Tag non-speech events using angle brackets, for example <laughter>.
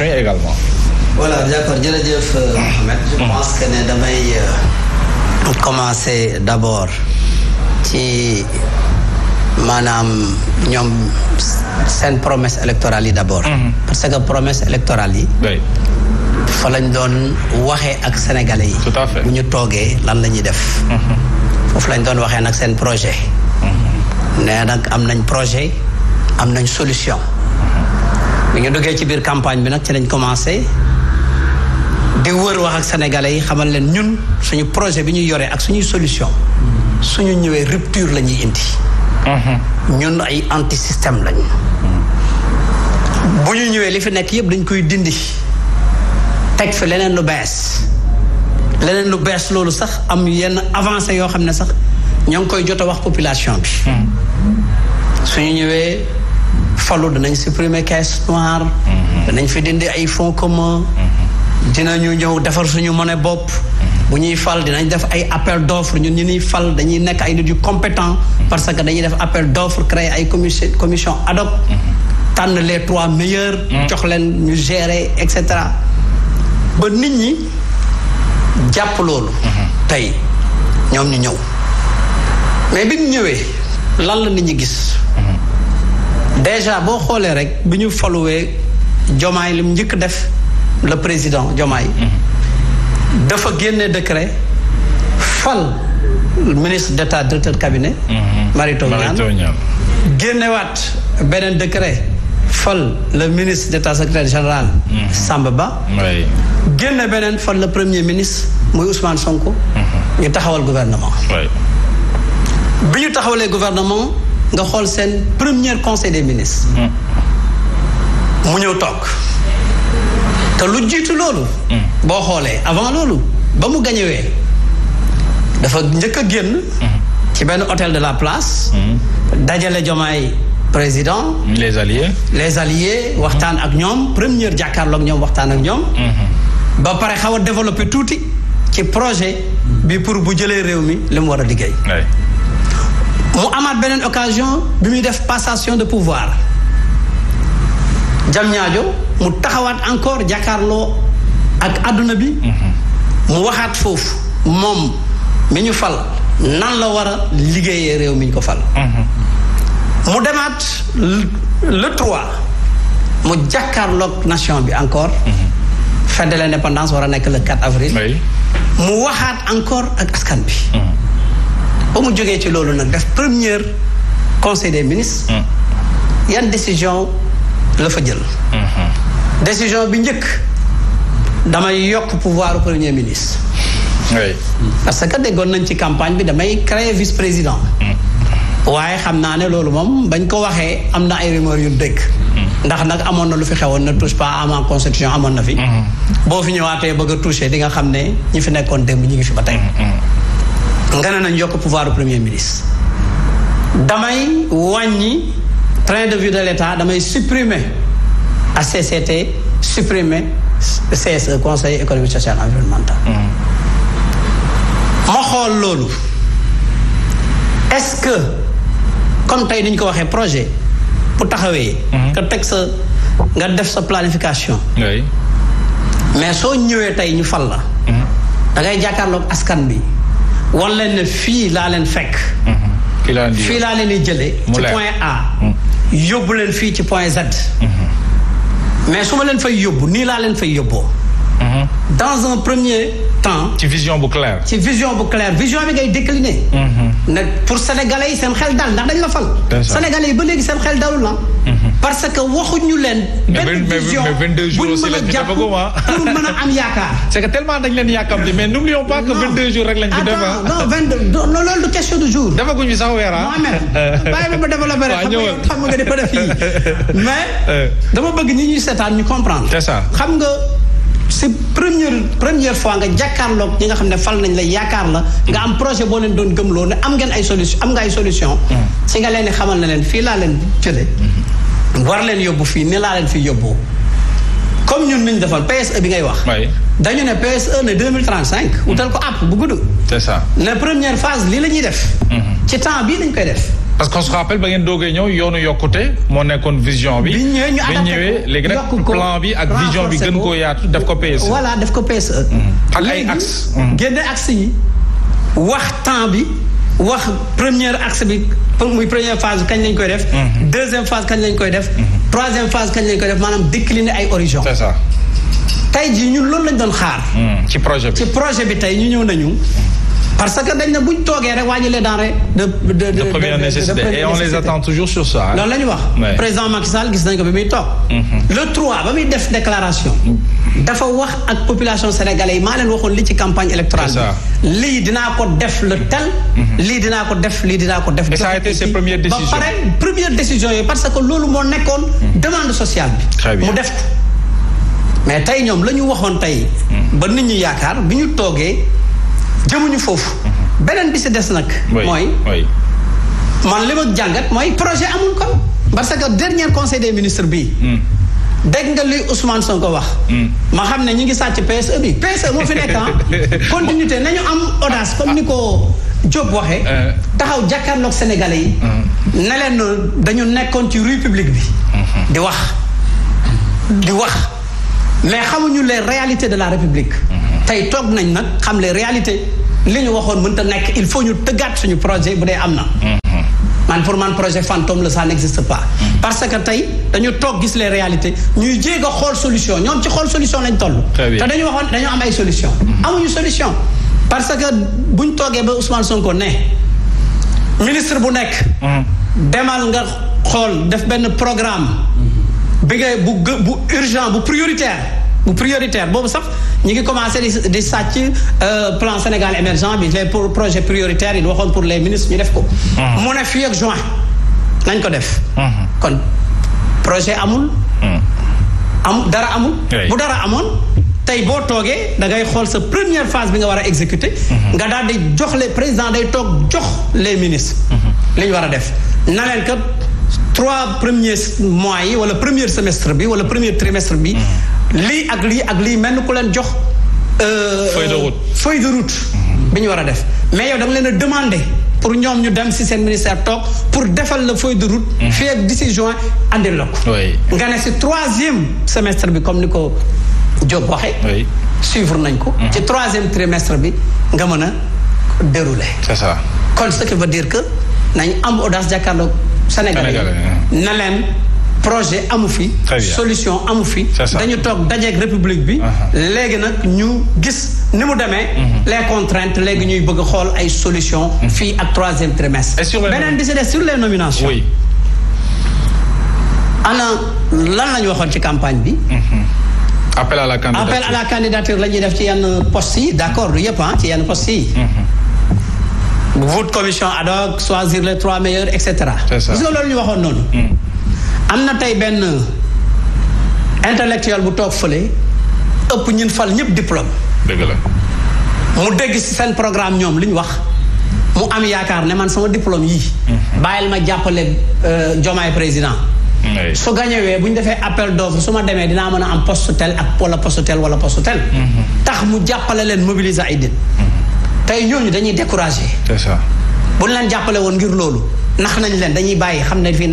questions yi également. voilà d'accord jërëjëf euh, Mohamed. je mm. ne damay euh, commencer d'abord ci maanaam ñoom seen promesse électorale yi d'abord. Mm-hmm. parce que promesse électorale yi. fa lañ doon waxee ak sénégalais yi. tout à ñu toogee lan la ñuy def. Mm-hmm. foofu lañ doon waxee nag seen projet. Mm-hmm. nee nag am nañ projet am nañ solution. bi ñu duggee ci biir campagne bi nag ci lañ commencé di wër wax ak sénégalais yi xamal leen ñun suñu projet bi ñuy yoree ak suñuy solution suñu ñëwee rupture la ñuy indi. Mhm. ñun ay anti système lañu. bu ñu ñëwee li fi nekk yëpp dañ koy dindi teg fi leneen lu bees leneen lu bees loolu sax am yenn avancé yoo xam ne sax ñoo ngi koy jot a wax population bi. Mhm. suñu ñëwee. falu danañ supprimer caisse noire. Mm-hmm. danañ fi dindi ay fonds communs. Mm-hmm. dinañu ñëw defar suñu monnaie bopp. Mm-hmm. bu ñuy fal dinañ def ay appel d'offre ñun ñu ñuy fal dañuy nekk ay nit yu compétent parce que dañuy def appel d'offre créer ay commission commission ad tànn les trois meilleurs jox leen ñu gérer et cetera ba nit ñi jàpp loolu tey ñoom ñu ñëw mais bi ñu ñëwee lan la nit ñi gis déjà boo xoolee rek bi ñu faluwee Jomaay mu njëkk def le président Jomaay. Mm-hmm. dafa génne décret fal ministre d'état directeur cabinet. Mm-hmm. Mary Teuw Niane génnewaat beneen décret fal le ministre d'état secrétaire général. Mm-hmm. Samba Ba. génne beneen fal la premier ministre muy Ousmane Sonko. ñu taxawal gouvernement. bi ñu taxawalee gouvernement. nga xool seen première conseil des ministres. Mm. mu ñëw toog te lu jiitu loolu. Mm. boo xoolee avant loolu ba mu gañewee dafa njëkk a génn. Mm. ci benn hôtel de la place. dajale jomaay président. les alliés. les alliés waxtaan ak ñoom première jàkkaarlook ñoom waxtaan ak ñoom. Mm-hmm. ba pare xaw a développé tuuti ci projet bi pour bu jëlee réew mi li mu war a liggéey. mu amaat beneen occasion bi muy def passation de pouvoir jam ñaajo mu taxawaat encore jàkkaarloo ak àdduna bi mm-hmm. mu waxaat foofu moom mi ñu fal nan la war a liggéeyee réew mi ñu ko fal mm-hmm. mu demaat le trois mu jàkkaarloog nation bi encore mm-hmm. fête de l'indépendance war a nekk la 4 avril mu waxaat encore ak askan bi ba mu jógee ci loolu nag def première conseil des ministres. Mm. yan décision la fa jël. Mm-hmm. décision bi njëkk damay yokk pouvoir premier ministre. oui parce que déggoon nañ ci campagne bi damay créer vice président. Mm. waaye xam naa ne loolu moom bañ ko waxee am na ay rumeur yu dëkk. Mm. ndax nag amoon na lu fi xewoon na touche pas à ma constitution amoon na fi. Mm-hmm. boo fi ñëwaatee bëgg a touché nga xam ne ñu fi nekkoon démb ñu ngi fi ba tey. Mm-hmm. nga ne nañ yokk pouvoir du premier ministre damay wàññi train de vie de l'état damay supprimer HCCT supprimer CSE conseil économique social environnemental mm. ma xool loolu est-ce que comme tey ni ñu ko waxee projet bu taxawee mm-hmm. nga teg sa nga def sa planification mais soo ñëwee tey ñu fal la mm-hmm. da ngay jàkkaarloog askan bi war leen fii laa leen fekk. Mhm. fii laa leen di jëlee. ci point A. Mhm. yóbbu leen fii ci point Z. Mhm. mais su ma leen fay yóbbu nii laa leen fay yóbboo. dans un premier temps. ci vision bu claire. ci vision bu claire vision bi ngay décliner. pour sénégalais yi seen xel dal ndax dañ la fal. sénégalais yi ba léegi seen xel dalul la. Ah. parce que waxuñu leen. benn vision mais vingt deux jours aussi ah. am yaakaar. <laughs> c'est que tellement dañ leen yàkkamti mais n'oublions pas que vingt deux jours rek lañ ci def ah. non vingt deux loolu du question du jour. dafa guñu sax weer ah. Mohamed <laughs> ma développé dafa def fii <laughs> euh. dama bëgg ñi ñuy seetaan ñu comprendre. c'est ça xam nga. c'est première première fois nga jàkkaarloog ñi nga xam ne fal nañ la yaakaar la nga am projet boo leen doon gëmloo ne am ngeen ay solution am nga ay solution mm. si nga leen xamal na leen fii laa leen jëlee mm-hmm. war leen yóbbu fii ni laa leen fi yóbbu comme ñun niñ defal PSE bi ngay wax. dañu ne PSE ne deux mille trente mm. ko app bu gudd. c'est première phase lii la ñuy def. Mm-hmm. ci temps bi lañ koy def. parce que se rappelle ba ngeen doogee ñëw yoonu yokkute moo nekkoon vision bi. li ñëwee ñu adapté léegi rek plan bi ak vision bi gën koo yaatu def ko PSE. voilà def ko PSE. Mm-hmm. ak ay axe. Mm-hmm. génne axe yi wax temps bi. wax première axe bi muy première phase kañ lañ koy def. Mhm. deuxième phase kañ lañ koy def. Mhm. troisième phase kañ lañ koy def maanaam décliner ay horizons. c'est ça. tey jii ñun loolu lañ doon xaar. Mhm. ci projet bi ci projet bi tey ñu ñëw nañu. parce que dañ na buñ toogee rek wàññi les denrées de de de première nécessité loolu la wax. président Macky Sall gis nañ ko bi muy toog. Mhm. le 3 ba muy def déclaration. dafa wax ak population sénégalais yi maa leen waxoon li ci campagne électorale bi. lii dinaa ko def le tel. Mhm. lii dinaa ko def lii dinaa ko def. et ça a été ses premières première décision yi parce que loolu moo nekkoon. Mhm. demande sociale bi. mu def ko mais tey ñoom la ñu waxoon tey. ba nit ñu yaakaar bi ñu toogee. jëmuñu foofu. Mhm. beneen bi si des nag. mooy man li jàngat mooy projet amul kon. parce que dernier conseil des ministres bi hmm. dégg nga luy Ousmane ko wax. Hmm. ma xam ne ñu ngi sàcc PSE bi PSE moo fi nekk ah. <laughs> continuité nañu am audace comme ni ko Diop waxee. Euh. taxaw jàkkaarloog Sénégalais yi. Hmm. ne leen dañu nekkoon ci rue publique bi. di wax di wax mais xamuñu les réalité de la République. tey toog nañ nag xam lee réalité li ñu waxoon mënta nekk il faut ñu tëggaat suñu projet bu dee am na. man pour man projet fantôme la ça n'existe pas. parce que tey dañu toog gis les réalités ñuy jéeg a xool solution ñoom ci xool solution lañ toll. te dañu waxoon dañu am ay solution amuñu solution parce que bu ñu toogee ba Ousmane Sonko ne ministre bu nekk. demal nga xool def benn programme. bi nga bu bu urgent bu prioritaire. bu prioritaire boobu sax ñu ngi commencé di di sàcc euh, plan Sénégal émergent bi pour projet prioritaire yi waxoon pour les ministres ñu def ko. mu ne fii ak juin nañ ko def. kon projet amul. am dara amul. bu dara amoon tey boo toogee da ngay xool sa première phase bi nga war a exécuter. nga daal di jox les président day toog jox les ministres. li war a def na leen que trois premiers mois yi wala premier semestre bi wala premier trimestre bi. lii ak lii ak lii mel ni ku leen jox. Euh, feuille de route feuille de route. bi ñu war a def mais yow da leen a demander pour ñoom ñu dem si seen ministère toog pour defal la feuille de route. Mm-hmm. fii ak d'ici juin andil la ko. nga ne si troisième semestre bi comme ni ko Diop waxee. oui suivre nañ ko. Mm-hmm. ci troisième trimestre bi nga mën a dérouler. c'est ça. kon ce qui veut dire que nañ am audace jàkkaarloog Sénégalais na leen. projet amu fi. solution amu fi. dañu toog dajeeg république bi. léegi nag ñu gis ni mu demee. Mhm. les contraintes léegi ñuy bëgg xool ay solution mhm. fii ak troisième trimestre. beneen bi si sur les nomination oui. ana lan la waxoon ci campagne bi. Mhm. appel à la candidature appel la candidature la ñuy def ci yenn postes yi d' accord ah, ci yenn postes yi. vote commission ad hoc choisir les trois meilleurs et cetera. gis loolu ñu waxoon noonu. am na tey benn intellectuel bu toog fële ëpp ñun fal ñëpp diplôme. dëgg la. mu dégg ci seen programme ñoom li ñu wax mu am yaakaar ne man sama diplôme yii. Mhm. bàyyil ma jàppale euh, Diomaye président. su gañewee bu ñu defee appel d'offre su ma demee dinaa mën a am poste tel ak wala poste tel wala poste tel. Mhm. tax mu jàppale leen mobiliser ay nit. Mhm. tey ñooñu dañuy découragé. bu ñu leen jàppale woon ngir loolu nax nañ leen dañuy bàyyi xam ne fii.